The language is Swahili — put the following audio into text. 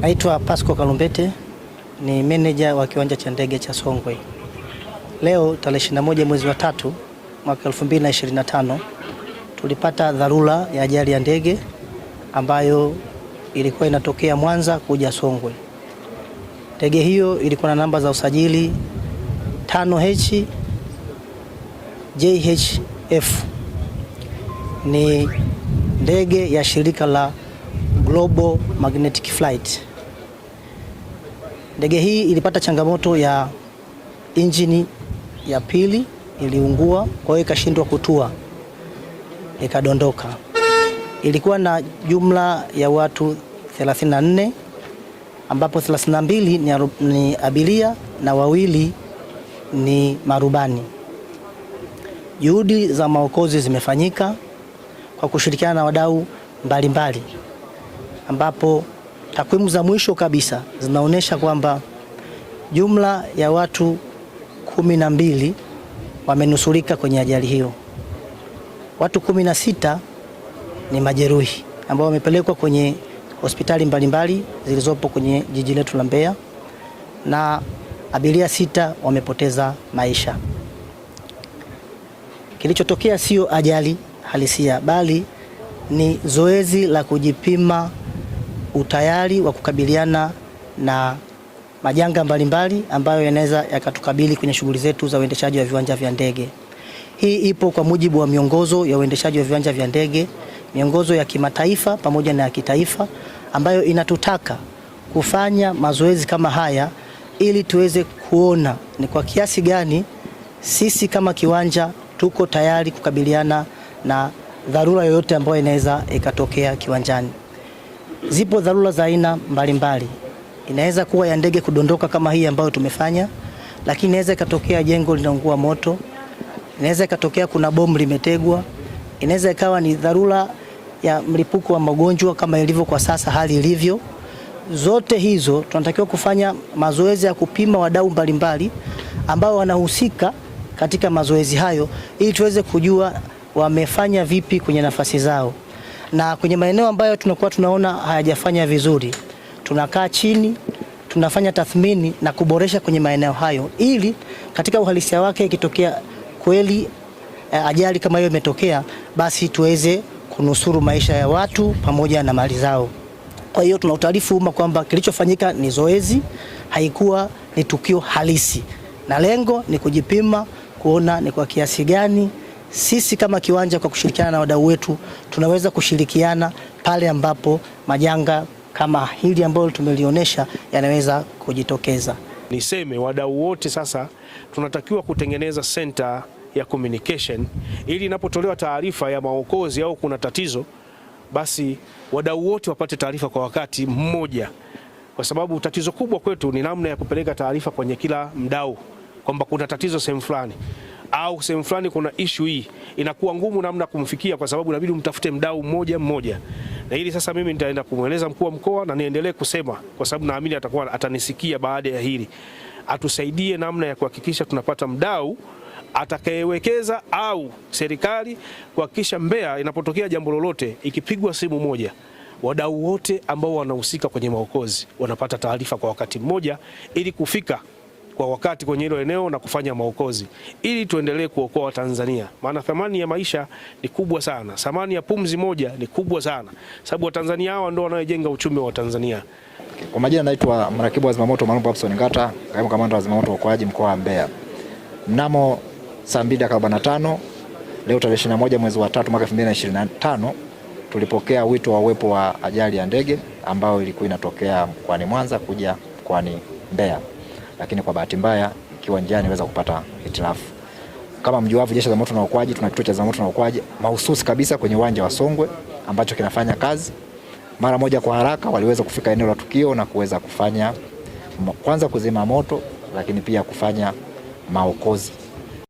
Naitwa Pasco Kalumbete ni meneja wa kiwanja cha ndege cha Songwe. Leo tarehe 21 mwezi wa tatu mwaka 2025 tulipata dharura ya ajali ya ndege ambayo ilikuwa inatokea Mwanza kuja Songwe. Ndege hiyo ilikuwa na namba za usajili 5H JHF. Ni ndege ya shirika la Global Magnetic Flight Ndege hii ilipata changamoto ya injini ya pili iliungua, kwa hiyo ikashindwa kutua, ikadondoka. Ilikuwa na jumla ya watu 34 ambapo 32 ni abiria na wawili ni marubani. Juhudi za maokozi zimefanyika kwa kushirikiana na wadau mbalimbali ambapo Takwimu za mwisho kabisa zinaonyesha kwamba jumla ya watu kumi na mbili wamenusurika kwenye ajali hiyo. Watu kumi na sita ni majeruhi ambao wamepelekwa kwenye hospitali mbalimbali zilizopo kwenye jiji letu la Mbeya na abiria sita wamepoteza maisha. Kilichotokea sio ajali halisia bali ni zoezi la kujipima utayari wa kukabiliana na majanga mbalimbali mbali ambayo yanaweza yakatukabili kwenye shughuli zetu za uendeshaji wa viwanja vya ndege. Hii ipo kwa mujibu wa miongozo ya uendeshaji wa viwanja vya ndege, miongozo ya kimataifa pamoja na ya kitaifa ambayo inatutaka kufanya mazoezi kama haya ili tuweze kuona ni kwa kiasi gani sisi kama kiwanja tuko tayari kukabiliana na dharura yoyote ambayo inaweza ikatokea kiwanjani. Zipo dharura za aina mbalimbali, inaweza kuwa ya ndege kudondoka kama hii ambayo tumefanya, lakini inaweza ikatokea jengo linaungua moto, inaweza ikatokea kuna bomu limetegwa, inaweza ikawa ni dharura ya mlipuko wa magonjwa kama ilivyo kwa sasa hali ilivyo. Zote hizo tunatakiwa kufanya mazoezi ya kupima wadau mbalimbali ambao wanahusika katika mazoezi hayo, ili tuweze kujua wamefanya vipi kwenye nafasi zao na kwenye maeneo ambayo tunakuwa tunaona hayajafanya vizuri, tunakaa chini tunafanya tathmini na kuboresha kwenye maeneo hayo, ili katika uhalisia wake ikitokea kweli eh, ajali kama hiyo imetokea, basi tuweze kunusuru maisha ya watu pamoja na mali zao. Kwa hiyo tuna utaarifu umma kwamba kilichofanyika ni zoezi, haikuwa ni tukio halisi, na lengo ni kujipima, kuona ni kwa kiasi gani sisi kama kiwanja kwa kushirikiana na wadau wetu tunaweza kushirikiana pale ambapo majanga kama hili ambalo tumelionyesha yanaweza kujitokeza. Niseme wadau wote sasa tunatakiwa kutengeneza senta ya communication ili inapotolewa taarifa ya maokozi au kuna tatizo, basi wadau wote wapate taarifa kwa wakati mmoja, kwa sababu tatizo kubwa kwetu ni namna ya kupeleka taarifa kwenye kila mdau kwamba kuna tatizo sehemu fulani au sehemu fulani kuna ishu hii, inakuwa ngumu namna kumfikia, kwa sababu inabidi mtafute mdau mmoja mmoja. Na hili sasa mimi nitaenda kumweleza mkuu wa mkoa na niendelee kusema, kwa sababu naamini atakuwa atanisikia baada ya hili, atusaidie namna ya kuhakikisha tunapata mdau atakayewekeza au serikali kuhakikisha Mbeya inapotokea jambo lolote, ikipigwa simu moja wadau wote ambao wanahusika kwenye maokozi wanapata taarifa kwa wakati mmoja ili kufika kwa wakati kwenye hilo eneo na kufanya maokozi ili tuendelee kuokoa Watanzania, maana thamani ya maisha ni kubwa sana, thamani ya pumzi moja ni kubwa sana, sababu Watanzania hawa ndio wanaojenga uchumi wa Tanzania. Kwa majina naitwa mrakibu wa zimamoto Maalum Babson Ngata, kaimu kamanda wa zimamoto uokoaji mkoa wa Mbeya. Mnamo saa 2:45 leo tarehe 21 mwezi wa 3 mwaka 2025 tulipokea wito wa uwepo wa ajali ya ndege ambayo ilikuwa inatokea mkoani Mwanza kuja mkoani Mbeya lakini kwa bahati mbaya ikiwa njiani niweza kupata hitilafu. Kama mjuavyo, jeshi la zimamoto na uokoaji tuna kituo cha zimamoto na uokoaji mahususi kabisa kwenye uwanja wa Songwe ambacho kinafanya kazi mara moja kwa haraka. Waliweza kufika eneo la tukio na kuweza kufanya kwanza kuzima moto, lakini pia kufanya maokozi.